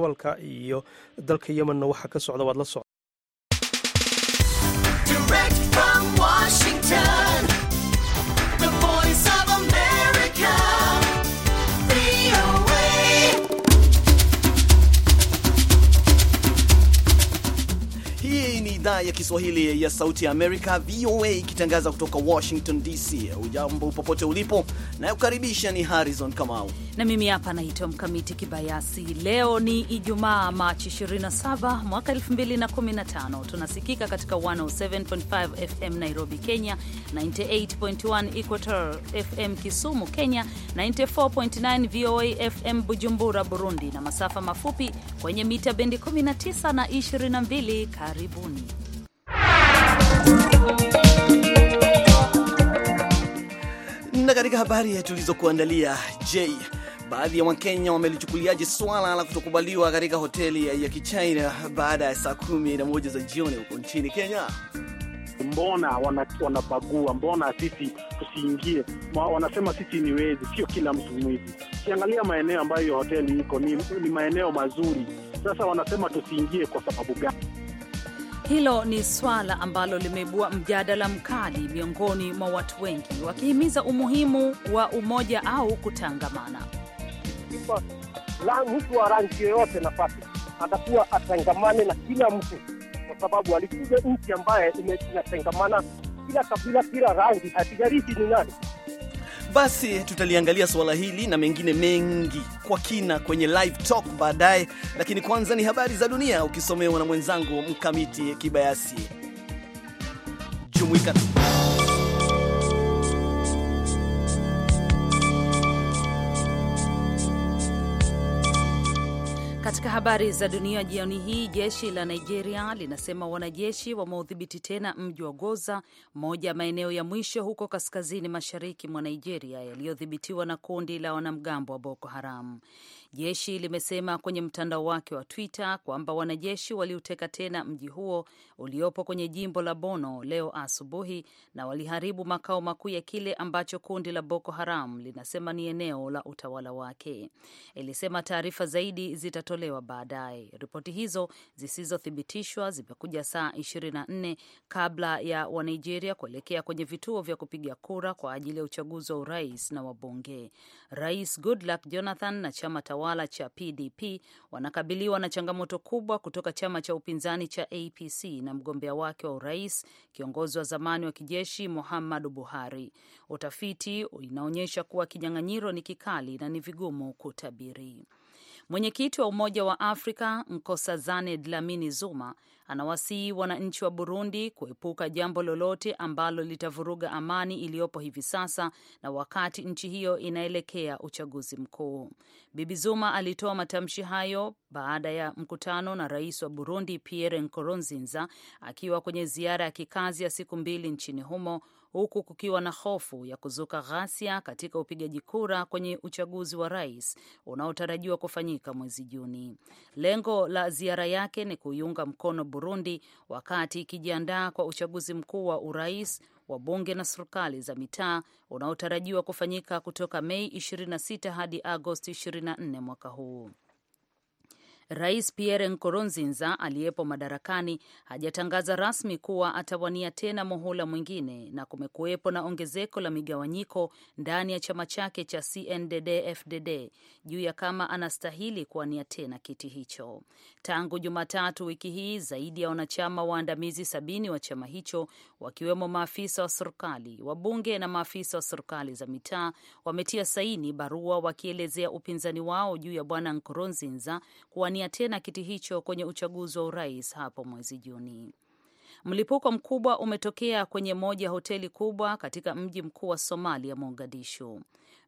gobolka iyo dalka yemenna waxa ka socda waad la so idhaa ya Kiswahili ya Sauti ya Amerika, VOA, ikitangaza kutoka Washington DC. Ujambo popote ulipo, nayokaribisha ni Harrison Kamau na mimi hapa naitwa Mkamiti Kibayasi. Leo ni Ijumaa, Machi 27 mwaka 2015. Tunasikika katika 107.5 FM Nairobi, Kenya, 98.1 Equator FM Kisumu, Kenya, 94.9 VOA FM Bujumbura, Burundi, na masafa mafupi kwenye mita bendi 19 na 22. Karibuni. Na katika habari tulizokuandalia, j baadhi ya Wakenya wamelichukuliaje swala la kutokubaliwa katika hoteli ya Kichina baada ya saa kumi na moja za jioni huko nchini Kenya? Mbona wanapagua? Mbona sisi tusiingie? Wanasema sisi ni wezi. Sio kila mtu mwizi. Ukiangalia maeneo ambayo hoteli iko ni, ni maeneo mazuri. Sasa wanasema tusiingie kwa sababu gani? Hilo ni swala ambalo limeibua mjadala mkali miongoni mwa watu wengi, wakihimiza umuhimu wa umoja au kutangamana. Mtu wa rangi yoyote nafasi atakuwa atangamane na kila mtu, kwa sababu alikuja nchi ambaye inatengamana kila kabila, kila rangi, hatijarisi ni nani. Basi tutaliangalia suala hili na mengine mengi kwa kina kwenye live talk baadaye, lakini kwanza ni habari za dunia ukisomewa na mwenzangu Mkamiti Kibayasi. Jumuika tu. Katika habari za dunia jioni hii, jeshi la Nigeria linasema wanajeshi wameudhibiti tena mji wa Goza, moja ya maeneo ya mwisho huko kaskazini mashariki mwa Nigeria yaliyodhibitiwa na kundi la wanamgambo wa Boko Haram. Jeshi limesema kwenye mtandao wake wa Twitter kwamba wanajeshi waliuteka tena mji huo uliopo kwenye jimbo la Bono leo asubuhi na waliharibu makao makuu ya kile ambacho kundi la Boko Haram linasema ni eneo la utawala wake. Ilisema taarifa zaidi zitatolewa baadaye. Ripoti hizo zisizothibitishwa zimekuja saa 24 kabla ya Wanigeria kuelekea kwenye vituo vya kupiga kura kwa ajili ya uchaguzi wa urais na wabunge. Rais Goodluck Jonathan na chama tawala cha PDP wanakabiliwa na changamoto kubwa kutoka chama cha upinzani cha APC na mgombea wake wa urais, kiongozi wa zamani wa kijeshi Muhammadu Buhari. Utafiti inaonyesha kuwa kinyang'anyiro ni kikali na ni vigumu kutabiri. Mwenyekiti wa Umoja wa Afrika Nkosazana Dlamini Zuma anawasihi wananchi wa Burundi kuepuka jambo lolote ambalo litavuruga amani iliyopo hivi sasa na wakati nchi hiyo inaelekea uchaguzi mkuu. Bibi Zuma alitoa matamshi hayo baada ya mkutano na rais wa Burundi Pierre Nkurunziza akiwa kwenye ziara ya kikazi ya siku mbili nchini humo huku kukiwa na hofu ya kuzuka ghasia katika upigaji kura kwenye uchaguzi wa rais unaotarajiwa kufanyika mwezi Juni. Lengo la ziara yake ni kuiunga mkono Burundi wakati ikijiandaa kwa uchaguzi mkuu wa urais wa bunge na serikali za mitaa unaotarajiwa kufanyika kutoka Mei 26 hadi Agosti 24 mwaka huu. Rais Pierre Nkurunziza aliyepo madarakani hajatangaza rasmi kuwa atawania tena muhula mwingine, na kumekuwepo na ongezeko la migawanyiko ndani ya chama chake cha CNDD-FDD juu ya kama anastahili kuwania tena kiti hicho. Tangu Jumatatu wiki hii, zaidi ya wanachama waandamizi sabini wa chama hicho wakiwemo maafisa wa serikali, wabunge na maafisa wa serikali za mitaa wametia saini barua wakielezea upinzani wao juu ya bwana Nkurunziza kuwania kuwania tena kiti hicho kwenye uchaguzi wa urais hapo mwezi Juni. Mlipuko mkubwa umetokea kwenye moja hoteli kubwa katika mji mkuu wa Somalia, Mogadishu.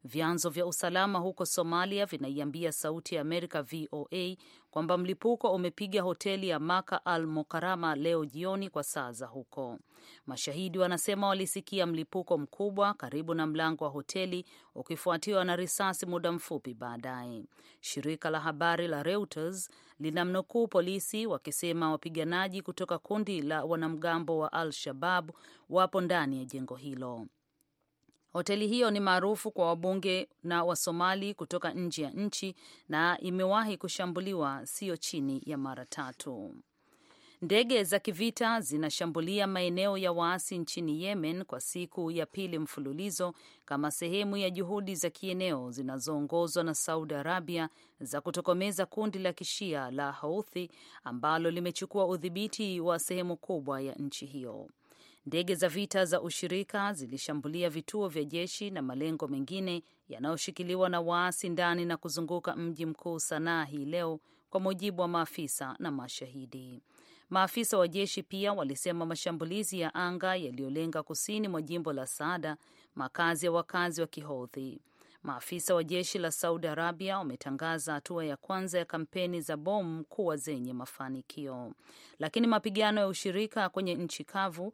Vyanzo vya usalama huko Somalia vinaiambia Sauti ya Amerika VOA kwamba mlipuko umepiga hoteli ya Maka Al Mukarama leo jioni kwa saa za huko. Mashahidi wanasema walisikia mlipuko mkubwa karibu na mlango wa hoteli ukifuatiwa na risasi muda mfupi baadaye. Shirika la habari la Reuters linamnukuu polisi wakisema wapiganaji kutoka kundi la wanamgambo wa Al Shabab wapo ndani ya jengo hilo. Hoteli hiyo ni maarufu kwa wabunge na Wasomali kutoka nje ya nchi na imewahi kushambuliwa siyo chini ya mara tatu. Ndege za kivita zinashambulia maeneo ya waasi nchini Yemen kwa siku ya pili mfululizo kama sehemu ya juhudi za kieneo zinazoongozwa na Saudi Arabia za kutokomeza kundi la kishia la Houthi ambalo limechukua udhibiti wa sehemu kubwa ya nchi hiyo. Ndege za vita za ushirika zilishambulia vituo vya jeshi na malengo mengine yanayoshikiliwa na waasi ndani na kuzunguka mji mkuu Sanaa hii leo, kwa mujibu wa maafisa na mashahidi. Maafisa wa jeshi pia walisema mashambulizi ya anga yaliyolenga kusini mwa jimbo la Saada, makazi ya wakazi wa Kihodhi. Maafisa wa jeshi la Saudi Arabia wametangaza hatua ya kwanza ya kampeni za bomu kuwa zenye mafanikio, lakini mapigano ya ushirika kwenye nchi kavu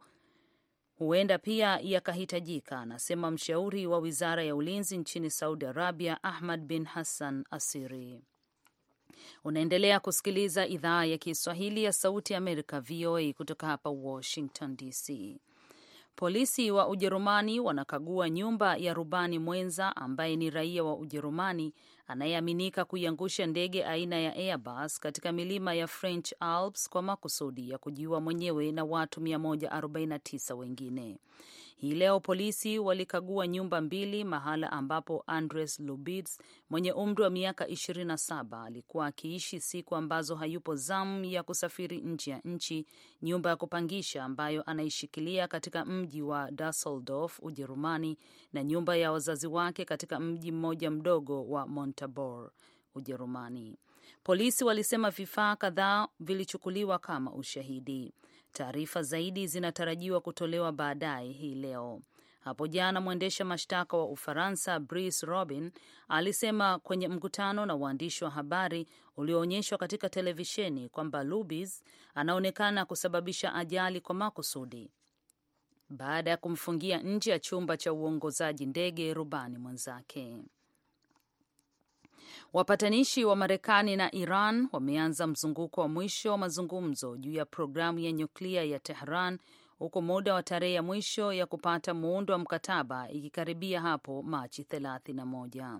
huenda pia yakahitajika, anasema mshauri wa wizara ya ulinzi nchini Saudi Arabia, Ahmad bin Hassan Asiri. Unaendelea kusikiliza idhaa ya Kiswahili ya Sauti ya Amerika, VOA, kutoka hapa Washington DC. Polisi wa Ujerumani wanakagua nyumba ya rubani mwenza ambaye ni raia wa Ujerumani anayeaminika kuiangusha ndege aina ya Airbus katika milima ya French Alps kwa makusudi ya kujiua mwenyewe na watu 149 wengine. Hii leo polisi walikagua nyumba mbili mahala ambapo Andres Lubitz mwenye umri wa miaka 27 alikuwa akiishi siku ambazo hayupo zamu ya kusafiri nje ya nchi, nyumba ya kupangisha ambayo anaishikilia katika mji wa Dusseldorf, Ujerumani, na nyumba ya wazazi wake katika mji mmoja mdogo wa Montabaur, Ujerumani. Polisi walisema vifaa kadhaa vilichukuliwa kama ushahidi. Taarifa zaidi zinatarajiwa kutolewa baadaye hii leo. Hapo jana mwendesha mashtaka wa Ufaransa Brice Robin alisema kwenye mkutano na waandishi wa habari ulioonyeshwa katika televisheni kwamba Lubis anaonekana kusababisha ajali kwa makusudi baada ya kumfungia nje ya chumba cha uongozaji ndege rubani mwenzake. Wapatanishi wa Marekani na Iran wameanza mzunguko wa mwisho wa mazungumzo juu ya programu ya nyuklia ya Tehran huku muda wa tarehe ya mwisho ya kupata muundo wa mkataba ikikaribia hapo Machi 31.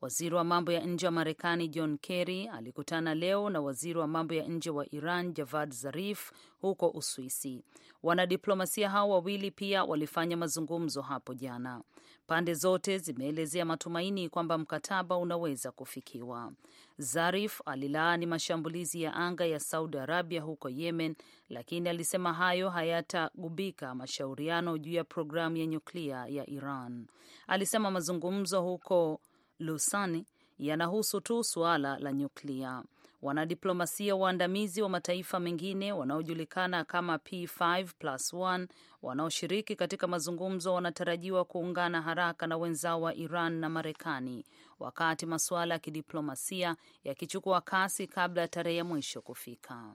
Waziri wa mambo ya nje wa Marekani John Kerry alikutana leo na waziri wa mambo ya nje wa Iran Javad Zarif huko Uswisi. Wanadiplomasia hao wawili pia walifanya mazungumzo hapo jana. Pande zote zimeelezea matumaini kwamba mkataba unaweza kufikiwa. Zarif alilaani mashambulizi ya anga ya Saudi Arabia huko Yemen, lakini alisema hayo hayatagubika mashauriano juu ya programu ya nyuklia ya Iran. Alisema mazungumzo huko Lusani yanahusu tu suala la nyuklia. Wanadiplomasia waandamizi wa mataifa mengine wanaojulikana kama P5+1 wanaoshiriki katika mazungumzo wanatarajiwa kuungana haraka na wenzao wa Iran na Marekani, wakati masuala ya kidiplomasia yakichukua kasi kabla ya tarehe ya mwisho kufika.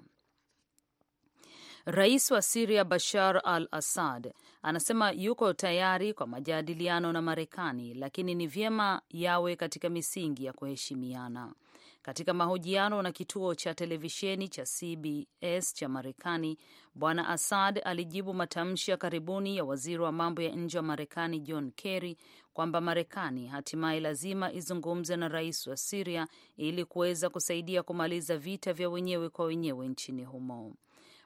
Rais wa Siria Bashar al Assad anasema yuko tayari kwa majadiliano na Marekani, lakini ni vyema yawe katika misingi ya kuheshimiana. Katika mahojiano na kituo cha televisheni cha CBS cha Marekani, Bwana Assad alijibu matamshi ya karibuni ya waziri wa mambo ya nje wa Marekani John Kerry kwamba Marekani hatimaye lazima izungumze na rais wa Siria ili kuweza kusaidia kumaliza vita vya wenyewe kwa wenyewe nchini humo.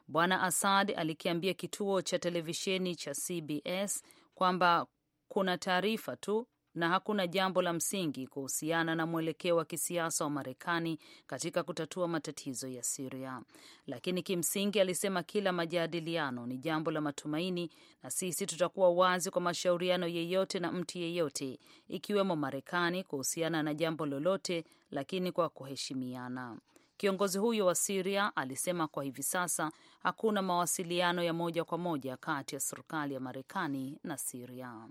Bwana Assad alikiambia kituo cha televisheni cha CBS kwamba kuna taarifa tu na hakuna jambo la msingi kuhusiana na mwelekeo wa kisiasa wa Marekani katika kutatua matatizo ya Siria. Lakini kimsingi, alisema kila majadiliano ni jambo la matumaini, na sisi tutakuwa wazi kwa mashauriano yeyote na mtu yeyote, ikiwemo Marekani, kuhusiana na jambo lolote, lakini kwa kuheshimiana. Kiongozi huyo wa Siria alisema kwa hivi sasa hakuna mawasiliano ya moja kwa moja kati ya serikali ya Marekani na Siria.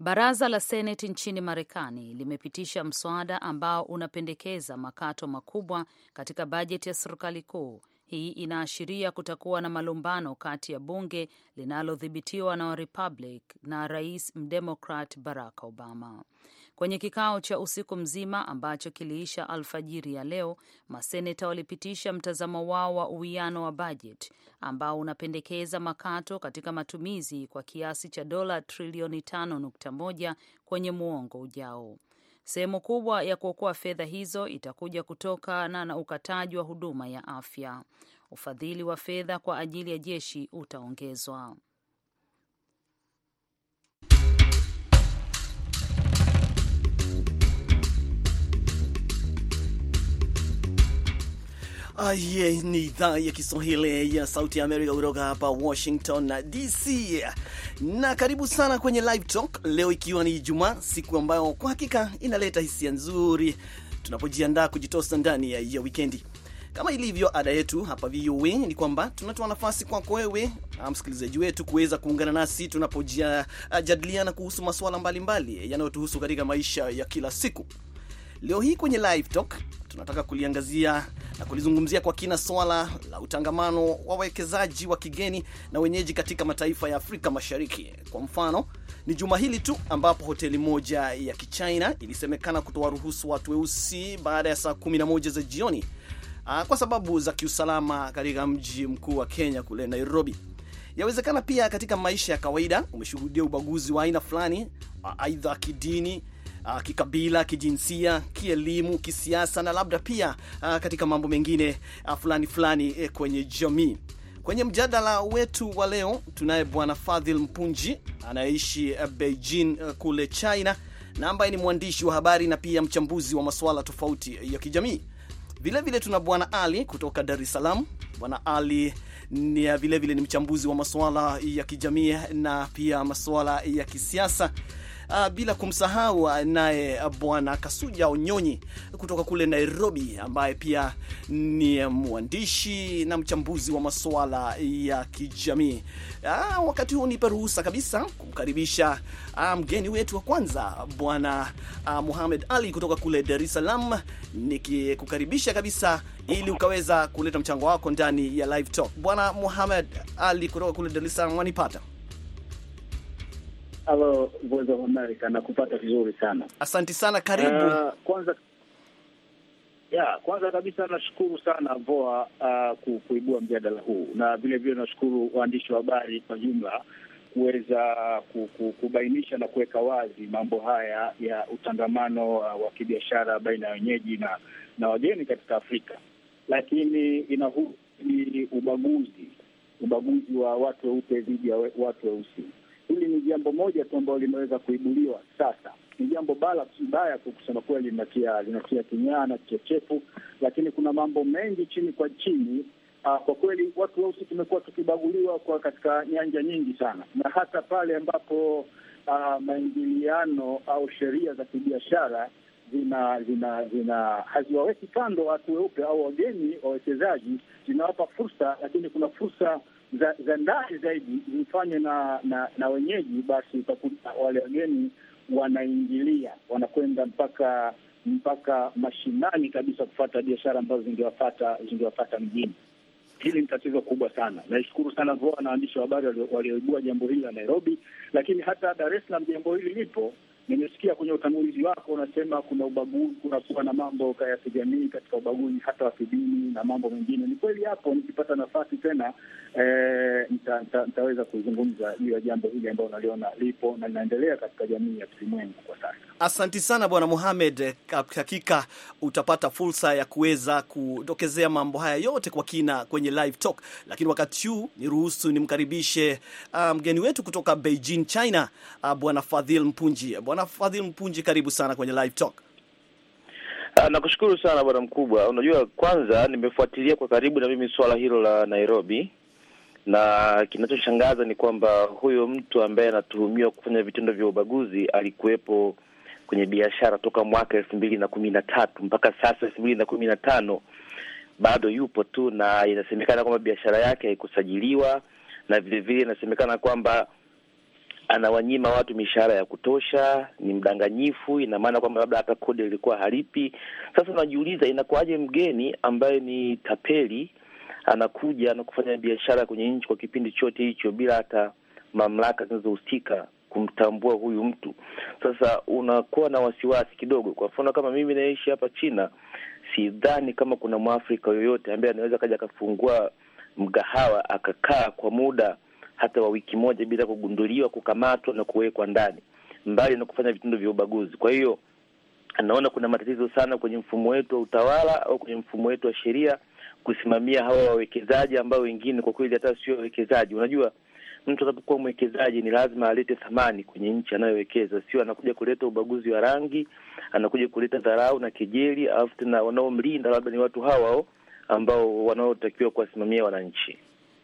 Baraza la Seneti nchini Marekani limepitisha mswada ambao unapendekeza makato makubwa katika bajeti ya serikali kuu. Hii inaashiria kutakuwa na malumbano kati ya bunge linalodhibitiwa na Warepublic na rais Mdemokrat Barack Obama. Kwenye kikao cha usiku mzima ambacho kiliisha alfajiri ya leo, maseneta walipitisha mtazamo wao wa uwiano wa bajeti ambao unapendekeza makato katika matumizi kwa kiasi cha dola trilioni 5.1 kwenye muongo ujao. Sehemu kubwa ya kuokoa fedha hizo itakuja kutokana na ukataji wa huduma ya afya. Ufadhili wa fedha kwa ajili ya jeshi utaongezwa. Aye, ni idhaa ya Kiswahili ya Sauti ya Amerika kutoka hapa Washington DC, na karibu sana kwenye Live Talk leo, ikiwa ni Ijumaa, siku ambayo kwa hakika inaleta hisia nzuri tunapojiandaa kujitosa ndani ya, ya wikendi. Kama ilivyo ada yetu hapa VOA ni kwamba tunatoa nafasi kwako wewe ah, msikilizaji wetu kuweza kuungana nasi tunapojadiliana ah, kuhusu masuala mbalimbali yanayotuhusu katika maisha ya kila siku. Leo hii kwenye live talk tunataka kuliangazia na kulizungumzia kwa kina swala la utangamano wa wawekezaji wa kigeni na wenyeji katika mataifa ya Afrika Mashariki. Kwa mfano, ni juma hili tu ambapo hoteli moja ya Kichina ilisemekana kutowaruhusu watu weusi baada ya saa moja za jioni ah, kwa sababu za kiusalama katika mji mkuu wa Kenya kule Nairobi. Yawezekana pia katika maisha ya kawaida umeshuhudia ubaguzi wa aina fulani, ah, aidha kidini uh, kikabila, kijinsia, kielimu, kisiasa na labda pia uh, katika mambo mengine uh, fulani fulani eh, kwenye jamii. Kwenye mjadala wetu wa leo tunaye bwana Fadhil Mpunji anayeishi eh, Beijing uh, kule China na ambaye ni mwandishi wa habari na pia mchambuzi wa masuala tofauti ya kijamii. Vilevile tuna bwana Ali kutoka Dar es Salaam. Bwana Ali ni vilevile eh, ni mchambuzi wa masuala ya kijamii na pia masuala ya kisiasa uh, bila kumsahau ah, naye ah, bwana Kasuja Onyonyi kutoka kule Nairobi, ambaye pia ni mwandishi na mchambuzi wa masuala ya kijamii. Uh, wakati huu nipe ruhusa kabisa kumkaribisha uh, mgeni wetu wa kwanza bwana uh, Muhamed Ali kutoka kule Dar es Salaam, nikikukaribisha kabisa ili ukaweza kuleta mchango wako ndani ya live talk. Bwana Muhamed Ali kutoka kule Dar es Salaam, wanipata Halo Voice of America, nakupata vizuri sana, asante sana, karibu. Uh, kwanza ya kwanza kabisa nashukuru sana VOA uh, kuibua mjadala huu na vile vile nashukuru waandishi wa habari kwa jumla kuweza kubainisha na kuweka wazi mambo haya ya utangamano uh, wa kibiashara baina ya wenyeji na, na wageni katika Afrika, lakini inahusu ubaguzi, ubaguzi wa watu weupe dhidi ya watu weusi Hili ni jambo moja tu ambalo limeweza kuibuliwa sasa. Ni jambo bala baya kwa kusema kweli, linatia linatia kinyaa na kichechefu, lakini kuna mambo mengi chini kwa chini. Aa, ah, kwa kweli watu weusi tumekuwa tukibaguliwa kwa katika nyanja nyingi sana, na hata pale ambapo ah, maingiliano au sheria za kibiashara zina zina zina haziwaweki kando watu weupe au wageni wawekezaji, zinawapa fursa, lakini kuna fursa za, za ndani zaidi zifanywe na, na na wenyeji, basi utakuta wale wageni wanaingilia wanakwenda mpaka mpaka mashinani kabisa kufata biashara ambazo zingewafata zingewafata mjini. Hili ni tatizo kubwa sana. Naishukuru sana VOA na waandishi wa habari walioibua jambo hili la Nairobi, lakini hata Dar es Salaam jambo hili lipo Nimesikia kwenye utangulizi wako unasema kuna ubaguzi, kunakuwa na mambo ya kijamii katika ubaguzi hata wa kidini na mambo mengine. Ni kweli hapo, nikipata nafasi tena eh, nitaweza e, kuzungumza juu ya jambo hili ambayo unaliona lipo na linaendelea katika jamii ya kilimwengu kwa sasa. Asanti sana Bwana Muhamed, hakika utapata fursa ya kuweza kudokezea mambo haya yote kwa kina kwenye live talk, lakini wakati huu niruhusu nimkaribishe ah, mgeni um, wetu kutoka Beijing, China, uh, Bwana Fadhil Mpunji. Bwana Bwana Fadhil Mpunji, karibu sana kwenye Live Talk. Ah, nakushukuru sana bwana mkubwa. Unajua, kwanza nimefuatilia kwa karibu na mimi swala hilo la Nairobi, na kinachoshangaza ni kwamba huyo mtu ambaye anatuhumiwa kufanya vitendo vya ubaguzi alikuwepo kwenye biashara toka mwaka elfu mbili na kumi na tatu mpaka sasa elfu mbili na kumi na tano bado yupo tu, na inasemekana kwamba biashara yake haikusajiliwa, na vilevile inasemekana kwamba anawanyima watu mishahara ya kutosha, ni mdanganyifu. Ina maana kwamba labda hata kodi ilikuwa halipi. Sasa unajiuliza inakuwaje mgeni ambaye ni tapeli anakuja na kufanya biashara kwenye nchi kwa kipindi chote hicho bila hata mamlaka zinazohusika kumtambua huyu mtu. Sasa unakuwa na wasiwasi kidogo. Kwa mfano kama mimi naishi hapa China, sidhani kama kuna mwafrika yoyote ambaye anaweza kaja akafungua mgahawa akakaa kwa muda hata wa wiki moja bila kugunduliwa, kukamatwa na kuwekwa ndani, mbali na kufanya vitendo vya ubaguzi. Kwa hiyo anaona kuna matatizo sana kwenye mfumo wetu wa utawala au kwenye mfumo wetu wa sheria kusimamia hawa wawekezaji ambao wengine kwa kweli hata sio wawekezaji. Unajua, mtu anapokuwa mwekezaji ni lazima alete thamani kwenye nchi anayowekeza, sio anakuja kuleta ubaguzi wa rangi, anakuja kuleta dharau na kejeli, alafu tena wanaomlinda labda ni watu hawao ambao wanaotakiwa kuwasimamia wananchi.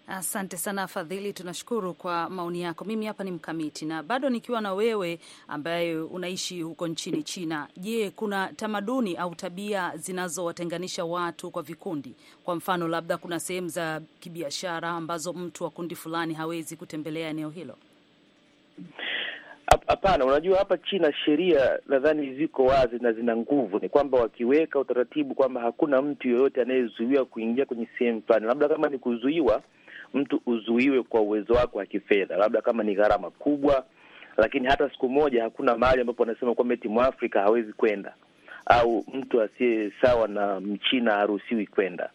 Asante sana Fadhili, tunashukuru kwa maoni yako. Mimi hapa ni Mkamiti na bado nikiwa na wewe ambaye unaishi huko nchini China. Je, kuna tamaduni au tabia zinazowatenganisha watu kwa vikundi? Kwa mfano, labda kuna sehemu za kibiashara ambazo mtu wa kundi fulani hawezi kutembelea eneo hilo? Hapana, unajua hapa China sheria nadhani ziko wazi na zina nguvu. Ni kwamba wakiweka utaratibu kwamba hakuna mtu yoyote anayezuiwa kuingia kwenye sehemu fulani, labda kama ni kuzuiwa mtu uzuiwe kwa uwezo wako wa kifedha, labda kama ni gharama kubwa. Lakini hata siku moja hakuna mahali ambapo wanasema kwamba eti mwafrika hawezi kwenda au mtu asiye sawa na mchina haruhusiwi kwenda.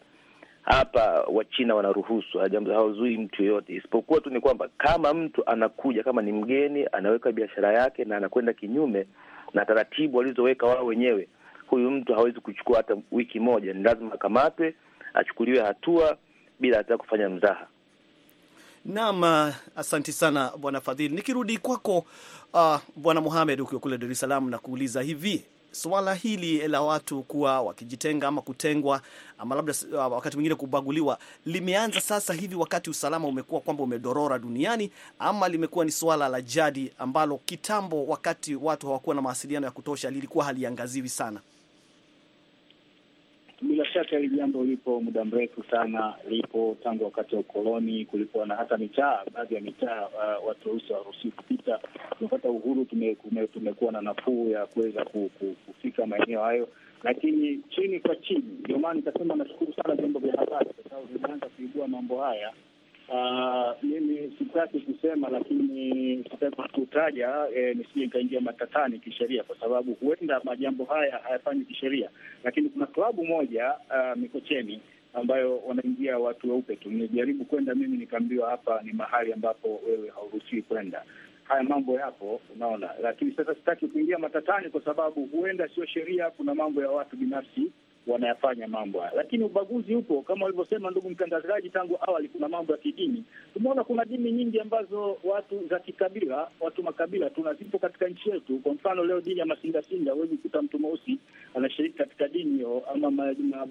Hapa wachina wanaruhusu, hawazui mtu yoyote, isipokuwa tu ni kwamba kama mtu anakuja kama ni mgeni, anaweka biashara yake na anakwenda kinyume na taratibu walizoweka wao wenyewe, huyu mtu hawezi kuchukua hata wiki moja, ni lazima akamatwe, achukuliwe hatua bila hata kufanya mzaha. Naam, uh, asanti sana bwana Fadhili. Nikirudi kwako, uh, bwana muhamed ukiwa kule Dar es Salaam, na kuuliza hivi swala hili la watu kuwa wakijitenga ama kutengwa ama labda uh, wakati mwingine kubaguliwa limeanza sasa hivi wakati usalama umekuwa kwamba umedorora duniani, ama limekuwa ni suala la jadi ambalo kitambo, wakati watu hawakuwa na mawasiliano ya kutosha, lilikuwa haliangaziwi sana? bila shaka hili jambo lipo muda mrefu sana, lipo tangu wakati wa ukoloni. Kulikuwa na hata mitaa, baadhi ya mitaa uh, watu weusi hawaruhusiwi kupita. Tumepata uhuru, tumekuwa tume, na nafuu ya kuweza kufika maeneo hayo, lakini chini kwa chini. Ndio maana nikasema nashukuru sana vyombo vya habari kwa sababu vimeanza kuibua mambo haya Ah, mimi sitaki kusema lakini sitaki kutaja eh, nisije nikaingia matatani kisheria, kwa sababu huenda majambo haya hayafanyi kisheria, lakini kuna klabu moja uh, Mikocheni ambayo wanaingia watu weupe tu. Nimejaribu kwenda mimi, nikaambiwa hapa ni mahali ambapo wewe hauruhusiwi kwenda. Haya mambo yapo, unaona. Lakini sasa sitaki kuingia matatani, kwa sababu huenda sio sheria, kuna mambo ya watu binafsi wanayafanya mambo haya, lakini ubaguzi upo kama walivyosema ndugu mtangazaji. Tangu awali kuna mambo ya kidini, tumeona kuna dini nyingi ambazo watu za kikabila, watu makabila tuna zipo katika nchi yetu. Kwa mfano leo dini ya Masingasinga, huwezi kuta mtu mweusi anashiriki katika dini hiyo, ama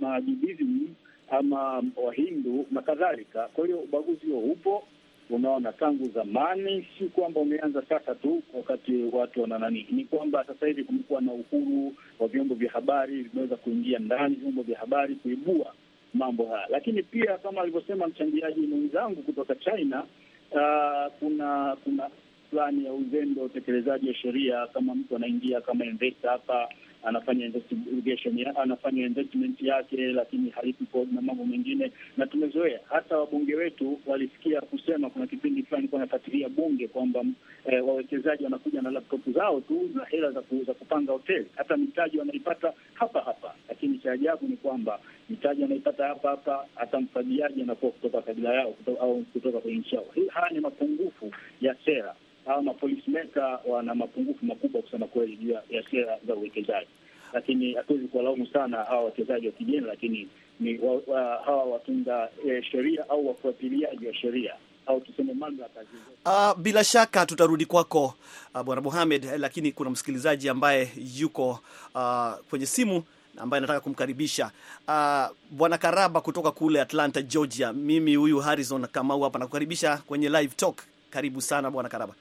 majibizimu ma, ma, ama um, Wahindu na kadhalika. Kwa hiyo ubaguzi huo upo Unaona, tangu zamani, si kwamba umeanza sasa tu, wakati watu wana nani, ni kwamba sasa hivi kumekuwa na uhuru wa vyombo vya habari, vimeweza kuingia ndani vyombo vya habari kuibua mambo haya, lakini pia kama alivyosema mchangiaji mwenzangu kutoka China, uh, kuna kuna fulani ya uzembe wa utekelezaji wa sheria. Kama mtu anaingia kama investor hapa anafanya investigation ya, anafanya investment yake, lakini halipo na mambo mengine. Na tumezoea hata wabunge wetu walisikia kusema, kuna kipindi fulani kuwa nafuatilia bunge kwamba e, wawekezaji wanakuja na laptop zao tu na hela za, ku, za kupanga hoteli, hata mitaji wanaipata hapa hapa, lakini cha ajabu ni kwamba mitaji wanaipata hapa hapa, hata mfadiaji anakuwa kutoka kabila yao kutoka, au kutoka kwenye nchi yao. Haya ni mapungufu ya sera hawa mapolisi meka wana mapungufu makubwa kusema kweli juu ya sera za uwekezaji, lakini hatuwezi kuwalaumu sana hawa wachezaji wa kigeni, lakini ni wa, wa, hawa watunga e, sheria au wafuatiliaji wa sheria au tuseme mamlaka. Uh, bila shaka tutarudi kwako uh, Bwana Mohamed, eh, lakini kuna msikilizaji ambaye yuko uh, kwenye simu ambaye nataka kumkaribisha uh, Bwana Karaba kutoka kule Atlanta, Georgia. Mimi huyu Harrison Kamau hapa nakukaribisha kwenye live talk. Karibu sana Bwana Karaba.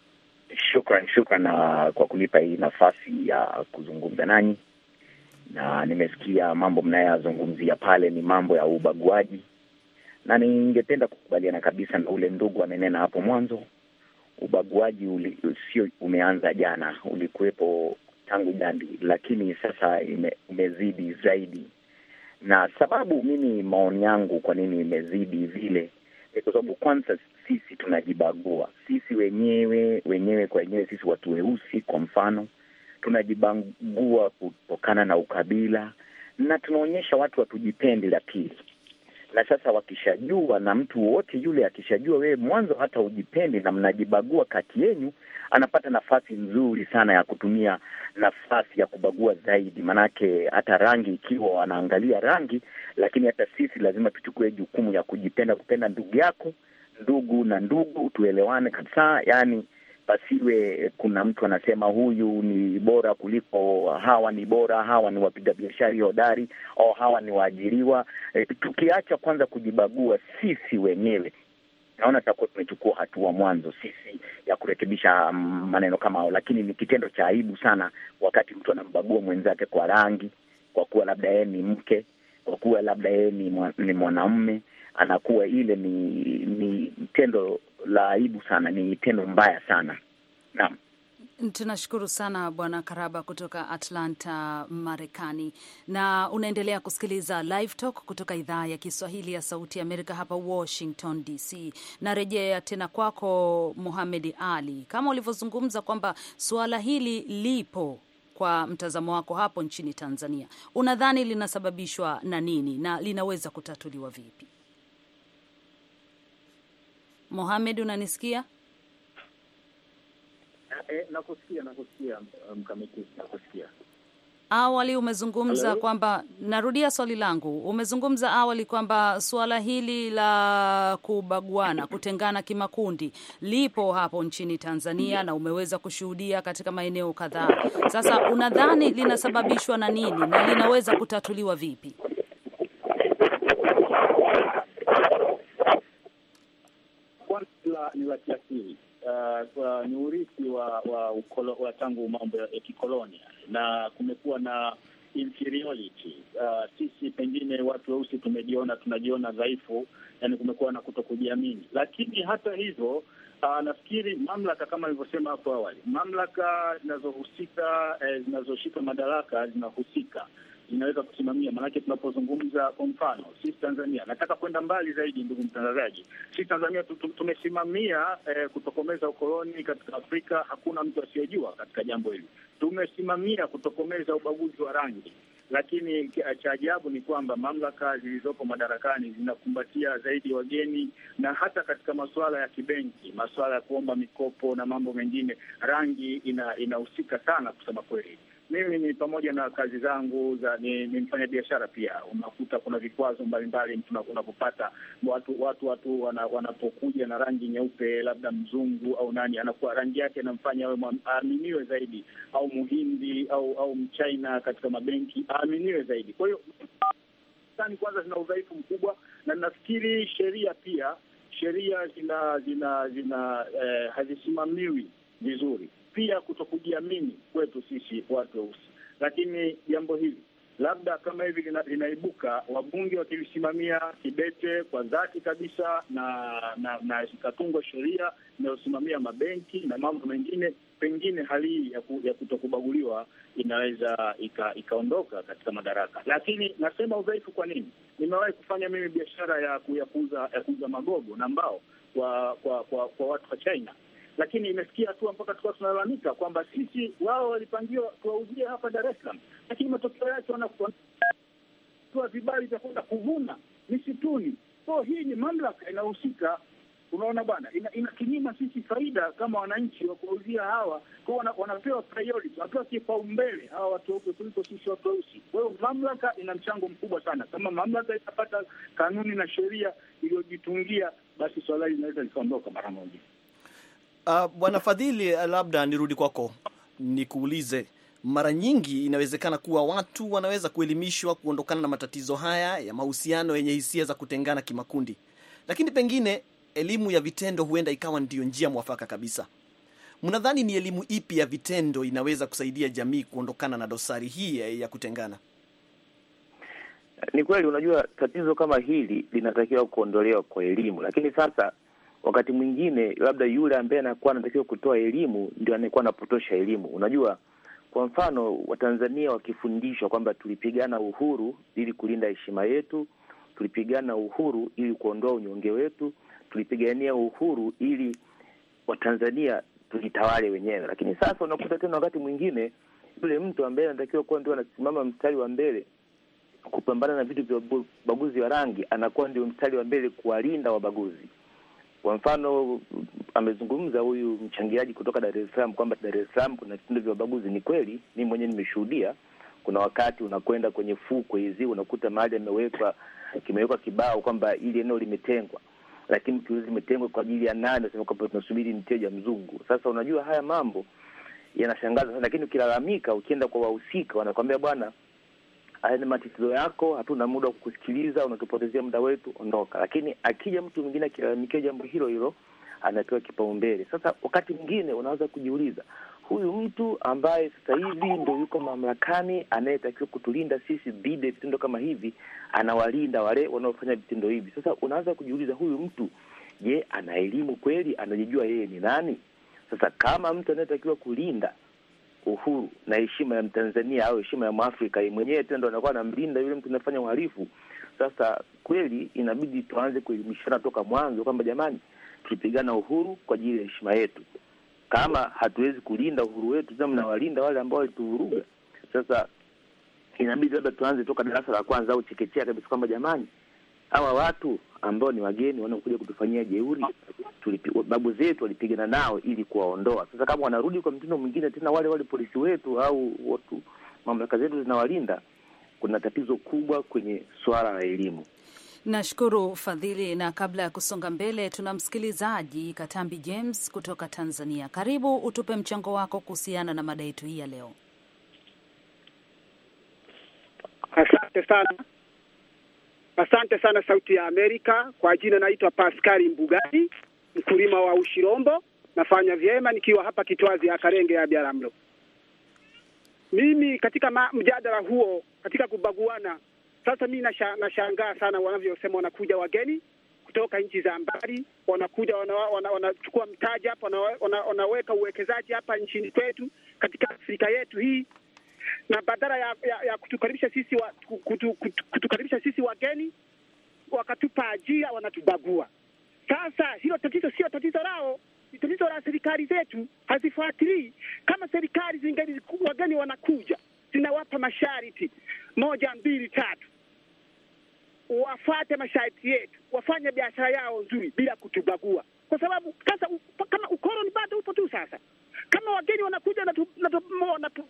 Shukran, shukran na ah, kwa kunipa hii nafasi ya kuzungumza nanyi, na nimesikia mambo mnayoyazungumzia pale ni mambo ya ubaguaji, na ningependa kukubaliana kabisa na ule ndugu amenena hapo mwanzo. Ubaguaji uli, sio umeanza jana, ulikuwepo tangu jandi lakini sasa ime, umezidi zaidi. Na sababu mimi maoni yangu kwa nini imezidi vile, kwa sababu kwanza sisi tunajibagua sisi wenyewe wenyewe kwa wenyewe, sisi watu weusi kwa mfano tunajibagua kutokana na ukabila na tunaonyesha watu watujipendi. La pili, na sasa wakishajua, na mtu wote yule akishajua wewe mwanzo hata ujipendi na mnajibagua kati yenyu, anapata nafasi nzuri sana ya kutumia nafasi ya kubagua zaidi. Maanake hata rangi, ikiwa wanaangalia rangi, lakini hata sisi lazima tuchukue jukumu ya kujipenda, kupenda ndugu yako ndugu na ndugu, tuelewane kabisa, yani pasiwe kuna mtu anasema huyu ni bora kuliko hawa, ni bora hawa, ni wapiga biashara hodari au hawa ni waajiriwa. E, tukiacha kwanza kujibagua sisi wenyewe, naona tutakuwa tumechukua hatua mwanzo sisi ya kurekebisha mm, maneno kama hao, lakini ni kitendo cha aibu sana wakati mtu anambagua mwenzake kwa rangi, kwa kuwa labda yeye ni mke, kwa kuwa labda yeye ni, mwa, ni anakuwa ile ni ni tendo la aibu sana, ni tendo mbaya sana. Naam. Tunashukuru sana Bwana Karaba kutoka Atlanta, Marekani, na unaendelea kusikiliza Live Talk kutoka idhaa ya Kiswahili ya Sauti ya Amerika hapa Washington DC. Narejea tena kwako Muhamed Ali, kama ulivyozungumza kwamba suala hili lipo kwa mtazamo wako hapo nchini Tanzania, unadhani linasababishwa na nini na linaweza kutatuliwa vipi? Mohamed, unanisikia? Eh, eh, nakusikia, nakusikia mkamiti, nakusikia. Awali umezungumza kwamba narudia swali langu, umezungumza awali kwamba suala hili la kubaguana, kutengana kimakundi lipo hapo nchini Tanzania na umeweza kushuhudia katika maeneo kadhaa. Sasa unadhani linasababishwa na nini na linaweza kutatuliwa vipi? la ni la kiasili uh, ni urithi wa, wa, ukolo, wa tangu mambo ya kikolonia na kumekuwa na inferiority uh, sisi pengine watu weusi tumejiona tunajiona dhaifu, yani kumekuwa na kutokujiamini. Lakini hata hivyo uh, nafikiri mamlaka kama ilivyosema hapo awali, mamlaka zinazohusika eh, zinazoshika madaraka zinahusika inaweza kusimamia. Maanake tunapozungumza kwa mfano, sisi Tanzania, nataka kwenda mbali zaidi, ndugu mtangazaji, sisi Tanzania tumesimamia eh, kutokomeza ukoloni katika Afrika. Hakuna mtu asiyejua katika jambo hili, tumesimamia kutokomeza ubaguzi wa rangi lakini cha ajabu ni kwamba mamlaka zilizopo madarakani zinakumbatia zaidi wageni, na hata katika masuala ya kibenki, masuala ya kuomba mikopo na mambo mengine, rangi inahusika ina sana kusema kweli mimi ni pamoja na kazi zangu za ni, ni mfanya biashara pia. Unakuta kuna vikwazo mbalimbali mtu unapopata watu watu watu wana, wanapokuja na rangi nyeupe, labda mzungu au nani, anakuwa rangi yake anamfanya awe aaminiwe zaidi, au muhindi au au mchina katika mabenki aaminiwe zaidi. Kwa hiyo sani kwanza zina udhaifu mkubwa, na nafikiri sheria pia sheria zina zina, zina eh, hazisimamiwi vizuri pia kutokujiamini kwetu sisi watu weusi. Lakini jambo hili labda kama hivi lina, linaibuka wabunge wakilisimamia kibete kwa dhati kabisa, na ikatungwa na, sheria inayosimamia mabenki na mambo mengine, pengine hali hii ya, ku, ya kutokubaguliwa inaweza ika, ikaondoka katika madaraka. Lakini nasema udhaifu. Kwa nini? Nimewahi kufanya mimi biashara ya kuuza ya kuuza magogo na mbao kwa kwa, kwa, kwa watu wa China lakini imefikia hatua mpaka tukawa tunalalamika kwamba sisi, wao walipangiwa kuwauzia hapa Dar es Salaam, lakini matokeo yake wanatoa vibali vya kwenda kuvuna misituni. So hii ni mamlaka inahusika, unaona bwana, ina, ina sisi faida kama wananchi wa kuwauzia hawa kwa wana, wanapewa priority, wanapewa kipaumbele hawa watu weupe kuliko sisi watu weusi. Kwa hiyo mamlaka ina mchango mkubwa sana. Kama mamlaka inapata kanuni na sheria iliyojitungia, basi swala hili linaweza likaondoka mara moja. Uh, Bwana Fadhili, uh, labda nirudi kwako nikuulize mara nyingi inawezekana kuwa watu wanaweza kuelimishwa kuondokana na matatizo haya ya mahusiano yenye hisia za kutengana kimakundi, lakini pengine elimu ya vitendo huenda ikawa ndiyo njia mwafaka kabisa. Mnadhani ni elimu ipi ya vitendo inaweza kusaidia jamii kuondokana na dosari hii ya kutengana? Ni kweli, unajua tatizo kama hili linatakiwa kuondolewa kwa elimu, lakini sasa wakati mwingine labda yule ambaye anakuwa anatakiwa kutoa elimu ndio anakuwa anapotosha elimu. Unajua, kwa mfano Watanzania wakifundishwa kwamba tulipigana uhuru ili kulinda heshima yetu, tulipigana uhuru ili kuondoa unyonge wetu, tulipigania uhuru ili Watanzania tujitawale wenyewe. Lakini sasa unakuta tena wakati mwingine yule mtu ambaye anatakiwa kuwa ndio anasimama mstari wa mbele kupambana na vitu vya ubaguzi wa rangi, anakuwa ndio mstari wa mbele kuwalinda wabaguzi. Kwa mfano amezungumza huyu mchangiaji kutoka Dar es Salaam kwamba Dar es Salaam kuna vitendo vya ubaguzi. Ni kweli, mi mwenyewe nimeshuhudia. Kuna wakati unakwenda kwenye fukwe hizi unakuta mahali amewekwa kimewekwa kibao kwamba ili eneo limetengwa, lakini kiuzi limetengwa kwa ajili ya nani? Nasema kwamba tunasubiri mteja mzungu. Sasa unajua haya mambo yanashangaza sana, lakini ukilalamika, ukienda kwa wahusika, wanakwambia bwana haya ni matatizo yako, hatuna muda wa kukusikiliza, unatupotezea muda wetu, ondoka. Lakini akija mtu mwingine akilalamikia eh, jambo hilo hilo, anapewa kipaumbele. Sasa wakati mwingine unaweza kujiuliza, huyu mtu ambaye sasa hivi ndo yuko mamlakani, anayetakiwa kutulinda sisi dhidi ya vitendo kama hivi, anawalinda wale wanaofanya vitendo hivi. Sasa unaweza kujiuliza, huyu mtu je, ana elimu kweli? Anajijua yeye ni nani? Sasa kama mtu anayetakiwa kulinda uhuru na heshima ya Mtanzania au heshima ya Mwafrika, mwenyewe tena ndo anakuwa anamlinda yule mtu anafanya uhalifu. Sasa kweli inabidi tuanze kuelimishana toka mwanzo kwamba jamani, tulipigana uhuru kwa ajili ya heshima yetu. Kama hatuwezi kulinda uhuru wetu, tena mnawalinda wale ambao walituvuruga. Sasa inabidi labda tuanze toka darasa la kwanza au chekechea kabisa, kwamba jamani, hawa watu ambao ni wageni wanaokuja kutufanyia jeuri. Tulipi, babu zetu walipigana nao ili kuwaondoa. Sasa kama wanarudi kwa mtindo mwingine tena, wale wale polisi wetu au watu mamlaka zetu zinawalinda, kuna tatizo kubwa kwenye suala la elimu. Nashukuru Fadhili, na kabla ya kusonga mbele, tuna msikilizaji Katambi James kutoka Tanzania. Karibu utupe mchango wako kuhusiana na mada yetu hii ya leo. Asante sana. Asante sana Sauti ya Amerika. Kwa jina naitwa Paskari Mbugani, mkulima wa Ushirombo. Nafanya vyema nikiwa hapa Kitwazi ya Karenge ya Biaramlo. Mimi katika ma, mjadala huo katika kubaguana sasa, mi nashangaa sana wanavyosema, wanakuja wageni kutoka nchi za mbali, wanakuja wanachukua wana, wana, mtaji hapa, wanaweka wana uwekezaji hapa nchini kwetu katika Afrika yetu hii na badala ya, ya, ya kutukaribisha sisi wa, kutu, kutu, kutukaribisha sisi wageni wakatupa ajira wanatubagua. Sasa hilo tatizo sio tatizo lao, ni tatizo la serikali zetu, hazifuatilii. Kama serikali zingeli wageni wanakuja, zinawapa masharti moja, mbili, tatu, wafate masharti yetu, wafanye biashara yao nzuri bila kutubagua kwa sababu sasa kama ukoloni bado upo tu. Sasa kama wageni wanakuja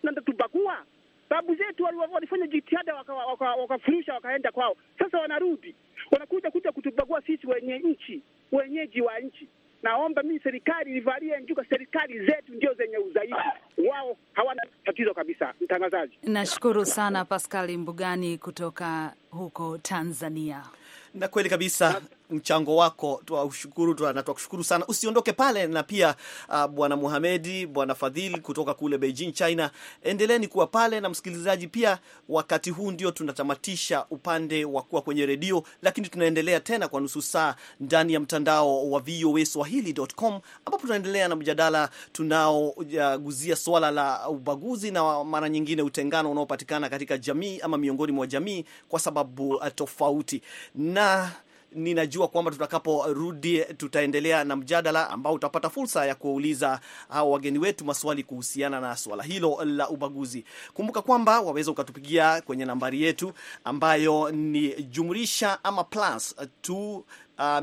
wanatubagua, babu zetu walifanya jitihada wakafurusha, waka, wakaenda kwao. Sasa wanarudi wanakuja kuja kutubagua sisi wenye nchi, wenyeji wa nchi. Naomba mimi serikali ilivalia njuga, serikali zetu ndio zenye udhaifu, wao hawana tatizo kabisa. Mtangazaji, nashukuru sana Paskali Mbugani kutoka huko Tanzania. Na kweli kabisa na mchango wako tuwashukuru tu, na tuwakushukuru sana. Usiondoke pale, na pia uh, bwana Muhamedi, bwana Fadhili kutoka kule Beijing, China, endeleni kuwa pale. Na msikilizaji pia, wakati huu ndio tunatamatisha upande wa kuwa kwenye redio, lakini tunaendelea tena kwa nusu saa ndani ya mtandao wa VOA Swahili.com ambapo tunaendelea na mjadala tunaoguzia uh, swala la ubaguzi na mara nyingine utengano unaopatikana katika jamii ama miongoni mwa jamii kwa sababu uh, tofauti na ninajua kwamba tutakaporudi tutaendelea na mjadala ambao utapata fursa ya kuwauliza hao wageni wetu maswali kuhusiana na swala hilo la ubaguzi. Kumbuka kwamba waweza ukatupigia kwenye nambari yetu ambayo ni jumlisha ama plus tu uh,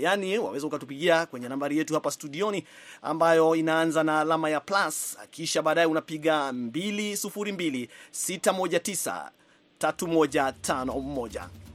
yani waweza ukatupigia kwenye nambari yetu hapa studioni ambayo inaanza na alama ya plus, kisha baadaye unapiga 202619 tatu moja tano moja.